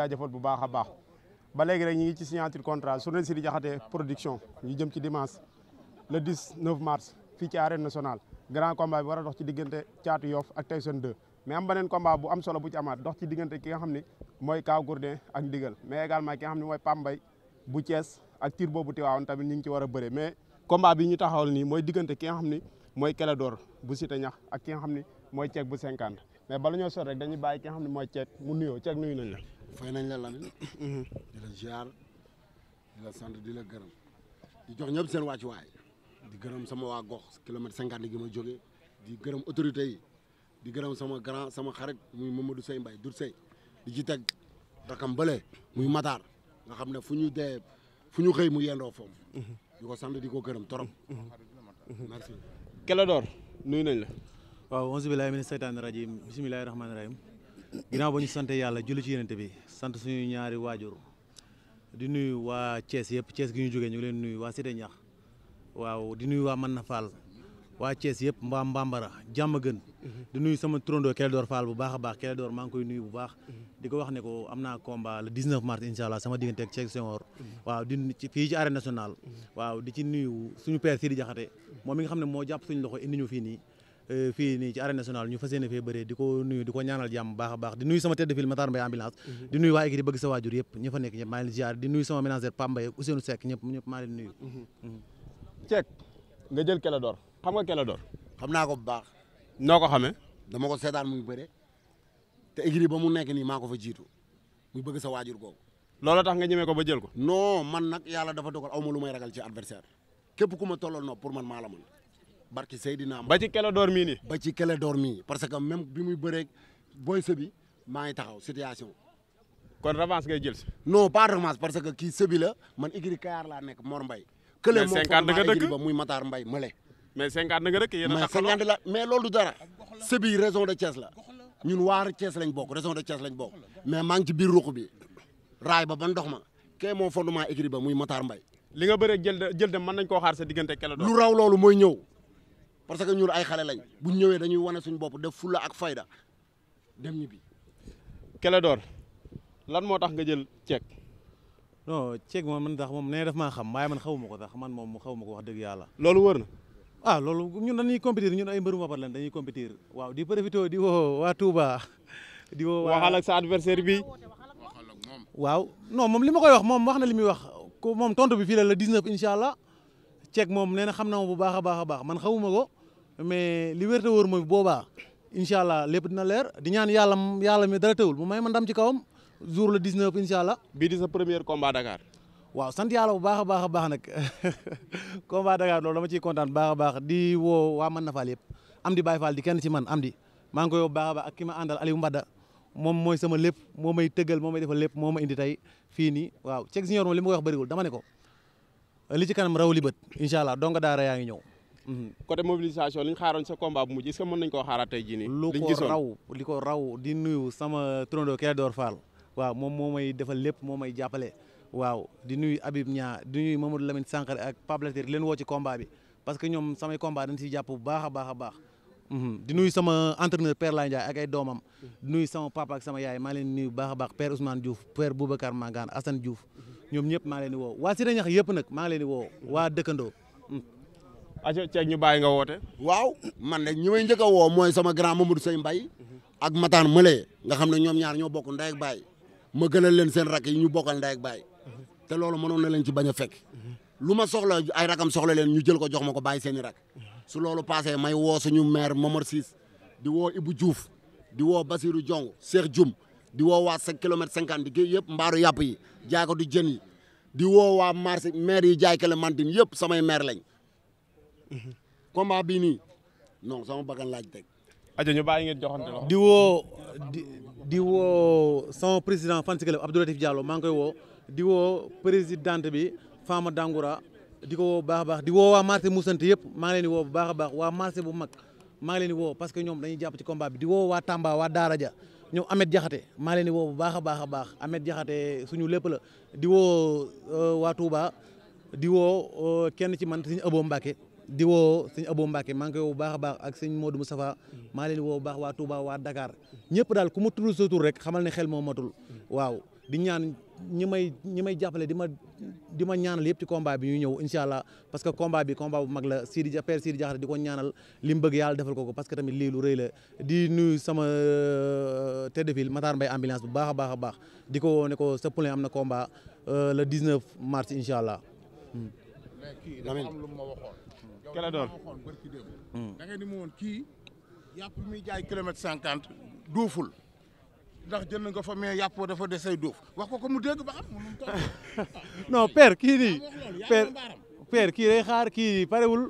jaajëfal bu baax a baax ba léegi rek ñu ngi ci signature contrat journée Sidi Diakhaté production ñu jëm ci dimanche le 19 mars fii ci arène grand combat a dox ci diggante Thiatou bu am solo bu ci amaat dox ci diggante ki nga xam ne mooy Kaw Gourdin ak Ndigal mais également ki xam ne mooy Pambay bu Thiès ak tir boobu Tiwaawoon tamit ñu ngi ci war a bëre mais combat bi ñu taxawal nii mooy diggante ki nga xam ne mooy Kélédor bu Cité ñax ak ki nga xam ne mooy ceeg bu 50 mais fay nañ la Lamine mhm. di la ziar di la sant di la gërëm di jox ñëpp seen wàccuwaay di gërëm sama waa gox kilomètre cinquante gi ma jógee di gërëm autorité yi di gërëm sama grand sama xarit muy Mamadou Sey mbay Doudou Sey di ci teg rakam bële muy Matar nga xam ne fu ñu dee fu ñu xëy mu yendoo foofu mhm. di ko sant di ko gërëm torop mhm. merci Clédor nuyu nañ la waaw onze billahi mina seytaani rajim bismillahi rahmaani rahim ginnaaw ba ñu sant yàlla julli ci yenente bi sant suñu ñaari waajur di nuyu waa cees yëpp cees gi ñu jógee ñu leen nuyu waa Cité Ñax waaw di nuyu waa man na Fall waa cees yëpp mbaa Mbambara jàmm gën di nuyu sama turandoo Kélédoor Fall bu baax a baax Kélédoor maa ngi koy nuyu bu baax di ko wax ne ko am naa combat le 19 mars incha allah sama diggante ak Cheikh Senghor waaw di fii ci arène nationale waaw di ci nuyu suñu père Sidi Diakhaté moom mi nga xam ne moo jàpp suñu loxo indi fii nii Euh, fii nii ci arène nationale ñu fas yéene fee bëree di ko ñaanal jàmm baax a baax di nuyu sama tête de file Matar Mbaye ambulance mhm. di nuyu waa équipe bëgg sa waajur yëpp ñi nekk ñëpp maa naa ko bu baax noo ko xamee dama ko seetaan muy bëre ba mu nekk nii maa ko fa jiitu muy bëgg sa waajur googu loolu tax nga ñemee ko ba jël ko non man nag yàlla dafa dogal aw ma lu may ragal ci adversaire képp ku ma tollal no pour man maa la barki Seydina ba ci kele door mii nii. ba ci kele door parce que même bi muy bëreeg booy sëbi maa ngi taxaw situation. kon revanche ngay jël si. non pas revanche parce que kii sëbi la man Igri Kayaar laa nekk Mor Mbaye. kële moom foofu ba muy Matar Mbaye mële. mais 50 nga rek yéen a. taxawoo mais la mais loolu dara. sëbi raison de Thiès la ñun waar Thiès la bokk raison de Thiès lañ bokk. mais maa ngi ci biir ruq bi raay ba ba ndox ma kee muy Matar Mbaye. li nga bëreeg jël de jël mën nañ koo xaar sa diggante kele lu raw loolu mooy ñëw parce que ñun ay xale lañ bu ñëwee dañuy wane suñu bopp def fulla ak fayda dem ñi bi Clédor lan moo tax nga jël ceeg non ceeg moom man tax moom nee daf maa xam waaye man xawuma ko tax man moom xawuma ko wax dëgg yàlla loolu wër na ah loolu ñun dañuy compétir ñun ay mbëru mbapat lañ dañuy compétir waaw di di woo waa Touba di woo waa sa adversaire bi waaw non moom li ma koy wax moom wax na li muy wax moom tontu bi fii la le 19 incha allah ceeg moom nee na xam na ma bu baax a baax a baax man xawuma ko mais li wér te wóor mooy boobaa incha allah lépp dina leer di ñaan yàlla yàlla mi dara teewul mu may ma ndam ci kawam jour le 19 incha allah. bii di sa premier combat Dakar. waaw sant yàlla bu baax a baax a baax nag combat Dakar loolu dama ciy kontaan baax a baax di woo waa man na faal yëpp am di Baye Fall di kenn ci man am di maa ngi koy woo baax a baax ak ki ma àndal Aliou Mbada moom mooy sama lépp moom may tëggal moom may defa lépp moo ma indi tey fii nii waaw Cheikh Junior moom li ma koy wax bëriwul dama ne ko li ci kanam raw li bët incha allah donga daara yaa ngi ñëw Mm-hmm. côté mobilisation li ñu xaaroon sa combat bu mujj est-ce que mën nañ koo xaaraat tey jii nii. lu ko raw li ko raw di nuyu sama trondo Kédor faal waaw moom moo may defal lépp moo may jàppale. waaw di nuyu Habib ñaa di nuyu Mamadou Lamine Sankare ak Pape leen woo ci combat bi parce que ñoom samay combat dañ jàpp bu baax a baax a baax. Mm-hmm. di nuyu sama entraîneur Père Laye Ndiaye ak ay doomam di nuyu sama papa ak sama yaay maa leen nuyu baax a baax Père Ousmane Diouf Père Boubacar Mangane Assane Diouf ñoom ñëpp maa leen woo waa Sida yëpp nag maa leen woo waa dëkkandoo a ceeg ñu bàyyi nga woote. waaw man nag ñi njëkk a woo mooy sama grand Mamadou Seye Mbaye ak Mataan Mële nga xam ne ñoom ñaar ñoo bokk ndey ak baay ma gënal leen seen rakk yi ñu bokkal ndey ak baay te loolu mënoon na leen ci bañ a fekk lu ma soxla ay rakam soxla leen ñu jël ko jox ma ko bàyyi seen i rak su loolu passé may woo suñu maire Momar Ciss di woo Ibou juuf di woo Basirou Diong Cheikh Dioum di woo waa cinq kilomètre cinquante di kii yëpp mbaaru yàpp yi jaay ko jën yi di woo waa marché maire yi jaay clémentine yëpp samay maire lañ combat bii nii non sama bakkan laaj teg. ajo ñu bàyyi ngeen joxante loxo. diwoo woo di di woo sama président fan club Abdou Latif Diallo maa ngi koy woo diwoo woo présidente bi Fama Dangoura di ko woo baax di woo waa marché Moussante yëpp maa leen woo bu baax baax waa marché bu mag maa ngi woo parce que ñoom dañuy jàpp ci combat bi di woo waa Tamba waa Daara Jaxate maa leen di woo bu baax a baax a baax Jaxate suñu lépp la diwoo woo euh, waa Touba di woo euh, kenn ci man suñu ëboo Mbacke di woo sëñ Abou Mbacke maa baax ak sëñ Modou Moustapha maa leen woo bu baax waa Touba waa Dakar ñëpp daal ku ma tudd sa rek xamal ne xel moo matul waaw di ñaan ñi may ñi may jàppale di ma di ma ñaanal yëpp ci bi ñu ñëw incha allah parce que combat bi combat bu mag la Sidi Père Sidi Diakhaté di ko ñaanal mu bëgg yàlla defal ko ko parce que tamit lii lu rëy la di nuyu sama euh, tête de file Matar Mbaye ambulance bu baax a baax a baax di ko woone ko sa poulain am na combat euh, le 19 mars incha allah. Hmm. mais kii kele door hmm. da nga ni kii yàpp muy jaay kilomètre cinquante duuful ndax jënd nga fa mais yàpp dafa desay duuf wax ko ko mu dégg ba xam mu non père kii nii père kii day xaar kii parewul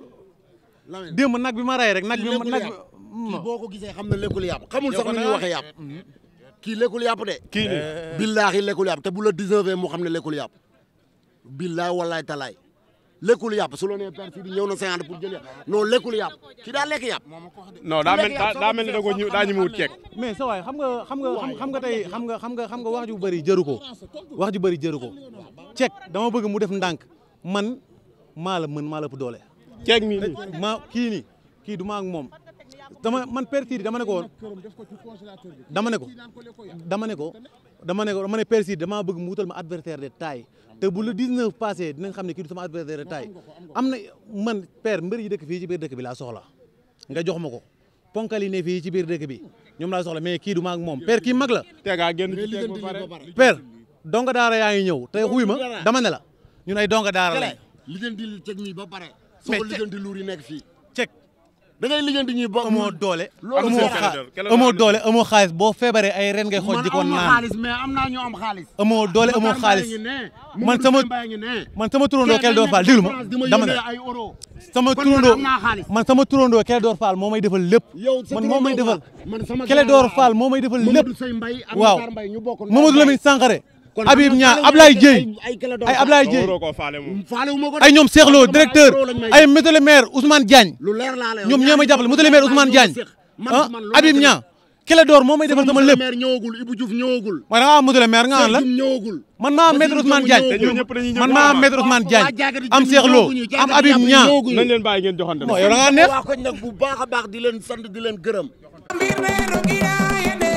démb nag bi ma rey rek nag bi nag hmm. boo ko gisee xam ne lekkul yàpp xamul sax ni ñu waxee kii lekkul yàpp kii nii billaahi lekkul yàpp te bu la 19 mu xam ne lekkul yàpp billaahi wallaay talaay lekkul yàpp su loo nee ñëw na 50 pour jël yàpp non lekkul yàpp kii daa lekk yàpp. non daa mel daa mel ni da koo ñu daa ñu mu wut ceeb. mais sa xam nga xam nga xam nga tey xam nga xam nga xam nga wax ju bëri jëru ko wax ju bëri jëru ko ceeb dama bëgg mu def ndànk man maa la mën maa la ëpp doole. ceeb mi nii maa kii nii kii du ma moom dama man Père Sidi dama ne ko woon dama ne ko dama ne ko dama ne ko dama ne Père Sidi damaa bëgg mu wutal ma adversaire de taille te bu le 19 passé dinañ xam ne kii du sama adversaire de taille am na man Père mbër yi dëkk fii ci biir dëkk bi laa soxla nga jox ma ko ponkal yi ne fii ci biir dëkk bi ñoom laa soxla mais kii du ma ak moom Père kii mag la. tegaa génn ci teeg ba pare Père donga daara yaa ngi ñëw te xuy ma dama ne la ñun ay donga daara la. li ngeen di teg nii ba pare. mais soo lijjanti luur yi nekk fii. da ngay liggéeyanti ñuy bokk amoo doole. loolu moo amoo doole amoo xaalis boo feebaree ay ren ngay xooj di ko naan man xaalis mais am naa ñu am xaalis. amoo doole amoo xaalis man sama man sama turandoo Clédor Fall déglu ma dama ne sama turandoo man sama turandoo Clédor Fall moo may defal lépp man moo may defal Clédor Fall moo may defal lépp waaw Mamadou Lamine Sangaré Habib Niang Ablaye Dieye ay Ablaye Dieye ay ñoom Cheikh Lo directeur ay monsieur le maire Ousmane Diagne ñoom ñoo may jàppale monsieur le maire Ousmane Diagne ah Habib Niang Kelle Dóor moo may defal sama lépp waaye da am monsieur le maire nga an man maa am maître Ousmane man maa am maître Ousmane am Cheikh Lo am Habib Niang